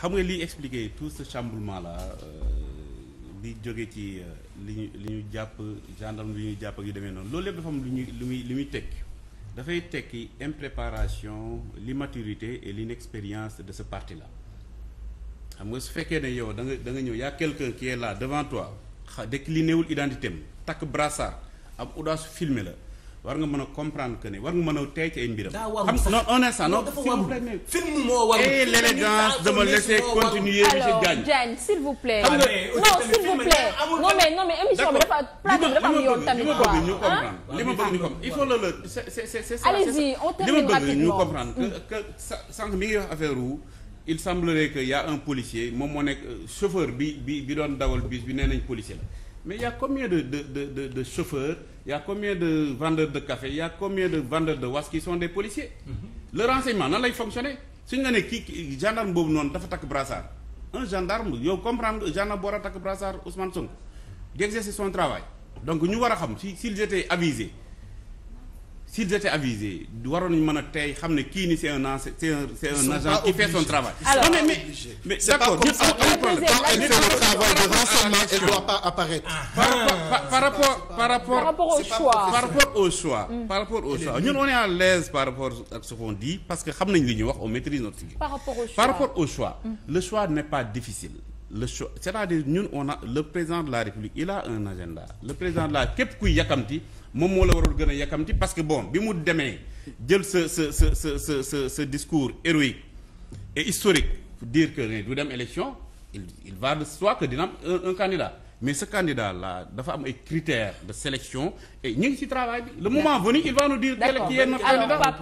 xam nga liy expliquer tout ce chamboulement la li euh, jóge ci euh, li ñu li ñu jàpp gendarme li ñu jàpp ak yu demee noonu loolu lépp dafa am lu ñuy lu muy lu muy tekk dafay tekki impréparation li l'immaturité et l'inexpérience de ce parti la xam nga su fekkee ne yow da nga da nga ñëw y a quelqu'un qui est là devant toi décliné wul identité am takk brassard am audace filmer la war nga mën a comprendre que ne war nga mën a tey ci ay mbiram. daa warul sax non un instant non. dafa warul film moo warul. et l'élégance de me laisser continuer monsieur Diagne. alors Diagne s'il vous plaît. xam nga non s'il vous plaît. mais non mais émission bi dafa plateau bi dafa am yoon tamit. li ma ñu ah? li ma bëgg ni comprendre il faut le ñu comprendre que mm. sànq mi ngi wax affaire wu. il semblerait que y en un policier moom moo nekk euh, chauffeur bi bi bi doon dawal bus bi nee nañ policier la. mais il y a combien de de de de de chauffeurs il de vendeurs de café il y a combien de vendeurs de was mm-hmm. le renseignement nan lay fonctionner suñu la ne kii gendarme boobu noonu dafa takk brassard un gendarme yow comprendre nga gendarme boo war a takk brassard Ousmane Sonko d'exercer son travail donc ñu war a xam si s'ils étaient s'ils étaient avisés waroon nañu mën a tey xam ne kii ni c'est un agent c'est un agent qui fait son travail. alors mais d'accord ñun amul pas apparaître. par rapport par rapport par rapport au choix par rapport au choix. Mm. par rapport au choix par rapport ak ce qu'on dit parce que xam nañ li ñuy wax on maîtrise notre sujet. par rapport au choix par rapport au choix. Mm. le choix n'est pas difficile. le choix cest ñun on a le président de la république il a un agenda le président de la képp kuy yàkkamti moom moo la waroon gën a yàkkamti parce que bon bi mu demee jël sa sa sa sa sa sa sa discours héroïque et historique dire que du dem élection il il va de soi que dina am un candidat mais ce candidat là dafa am ay critères de sélection et ñu ngi ci travail bi le moment venu il va nous dire quel est candidat